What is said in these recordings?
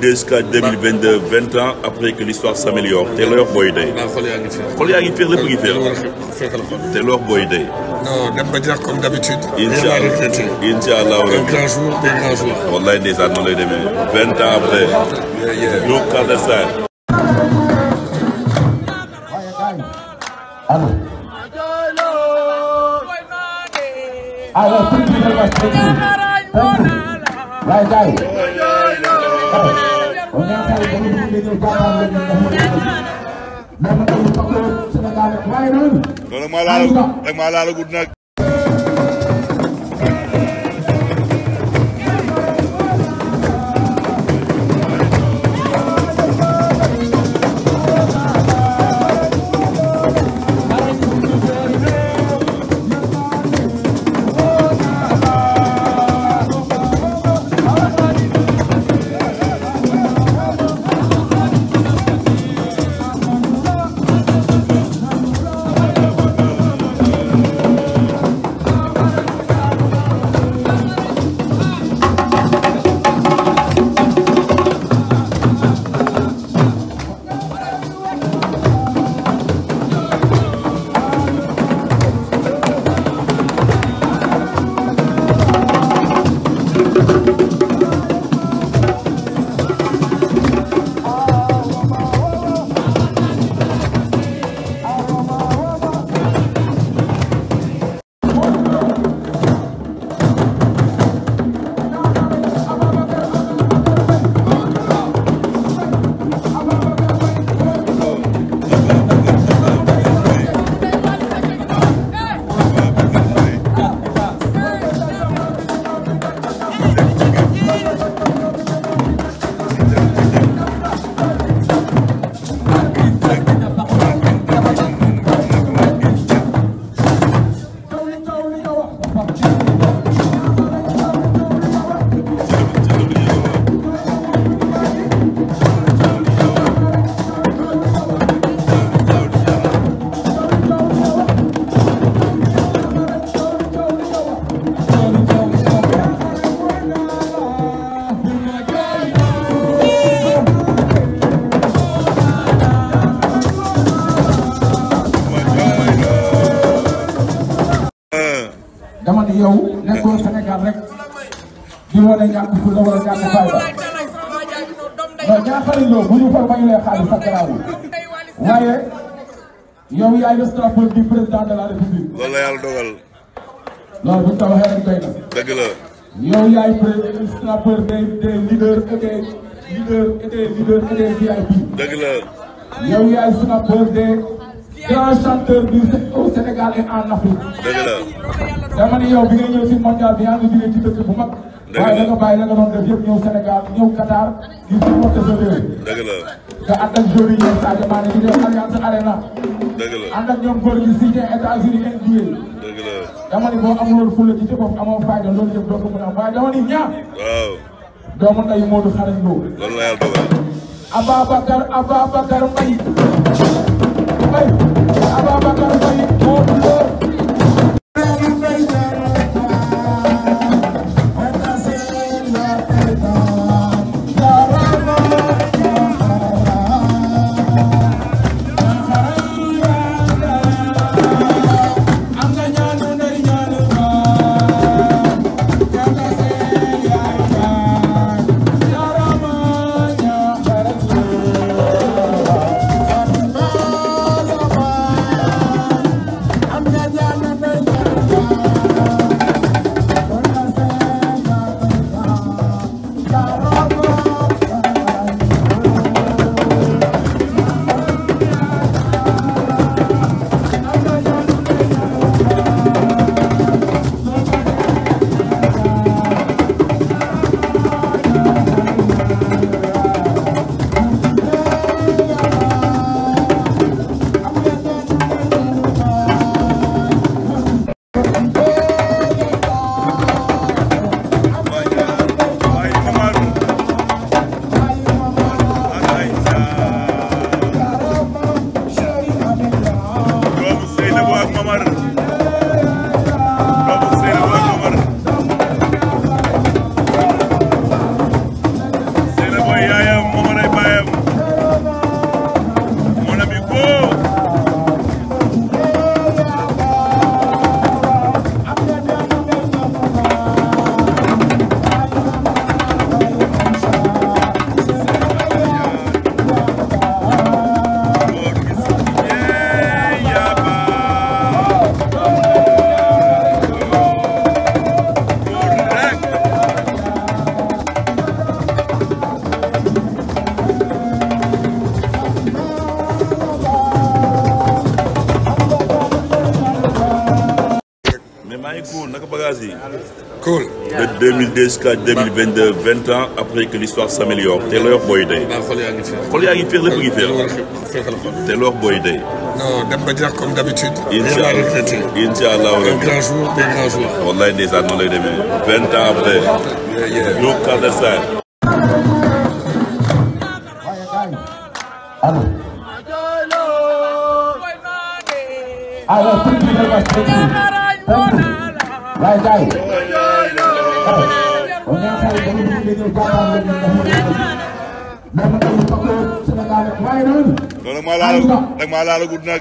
2002 jusqu'à 2022 vingt ans après que l'histoire s'améliore te la wax booy day. xol yaa ngi féex lépp ngi féex. te la wax booy day. non dem ba jeex comme d'habitude. incha allah incha allah un grand jour un grand jour. wallaay ndeysaan noonu lay demee vingt ans après. donc clandestin. allo. allo. kon yaa ngi xayma ba nga ñëw jàppale leen ndax ma tënk ko Sénégal waaye loolu. loolu maa laal rek maa laal gudd nag. ñàkk fu la war a ñàkk fayda non ñaaxariñ loo bu ñu fa mayulee xaalis sax garaawul waaye yow yaay le strapool du président de la république. loolu la yàlla dogal. loolu bu ñu ko waxee rek doy na. dëgg la. yow yaay pré strapool des des leaders et des leaders et des leaders et des VIP. dëgg la. yow yaay strapool des grands chanteurs du au Sénégal et en Afrique. dëgg la. dama ne yow bi nga ñëw si mondial bi yaa ngi jógee ci dëkk bu mag. waaye da nga bàyyi doon def yëpp ñëw Sénégal ñëw Qatar di supporter sa réew. dëgg la nga ànd ak joueurs yi ñoom Sadio Mané ñu dama ni boo amuloon fulla ci ci bopp amoo fayda loolu yëpp doo ko a am waaye dama ni ñaar. waaw. doomu ndeyu Modou xarañ Lo. loolu la yàlla dogal. Ababacar Ababacar Mbaye. 2002 jusqu'à 2022 vingt ans après que l'histoire s'améliore te looy wax booy dee. xol yaa ngi féex lépp ngi féex. te looy wax booy dee. non dem ba jeex comme d'habitude. incha allah incha allah un grand jour un grand jour. wallaay ndeysaan noonu lay demee vingt ans après. ñu clandestin. alors. loolu mooy laal nag maa laal gudd nag.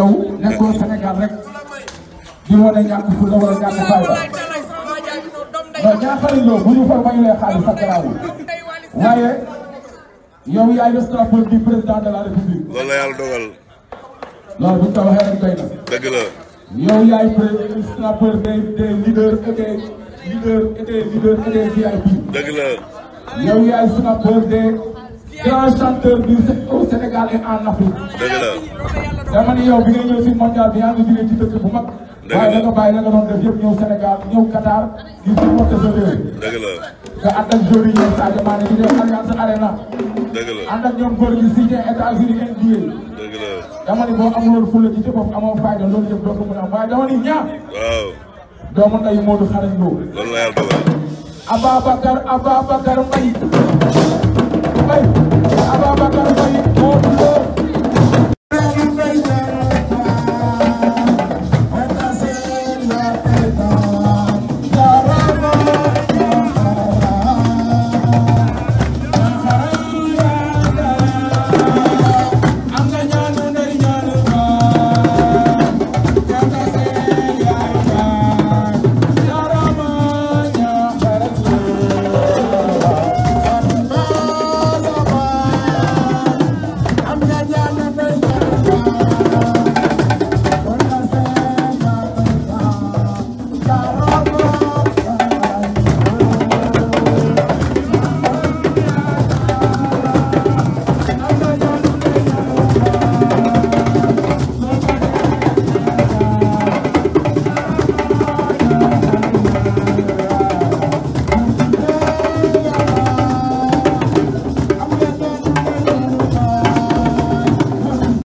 yow nekkoo Sénégal rek di wane ñàkk fu la wala ñàkk fayda non ñaaxal loo bu ñu fa mayulee xaalis sa garaawul waaye yow yaay le strapoon du président de la république. loolu la yàlla dogal. loolu bu ñu waxee rek doy na. yow yaay premier strapoon des des leaders et des leaders et des VIP. dëgg la. yow yaay strapoon des. grand chanteur du Sénégal en Afrique. dama ni yow bi nga ñëw si mondial bi yaa ngi jógee ci dëkk bu mag. dëgg la waaye da nga bàyyi la nga doon def yëpp ñëw Sénégal ñëw Qatar di supporter sa réew. la. dama ni boo amuloon fulla ci ci bopp amoo fayda loolu yëpp doo ko mën a am waaye dama ni ñaar. waaw. doomu ndeyu Modou Xarañ Lo. loolu la yàlla dogal. Ababacar Ababacar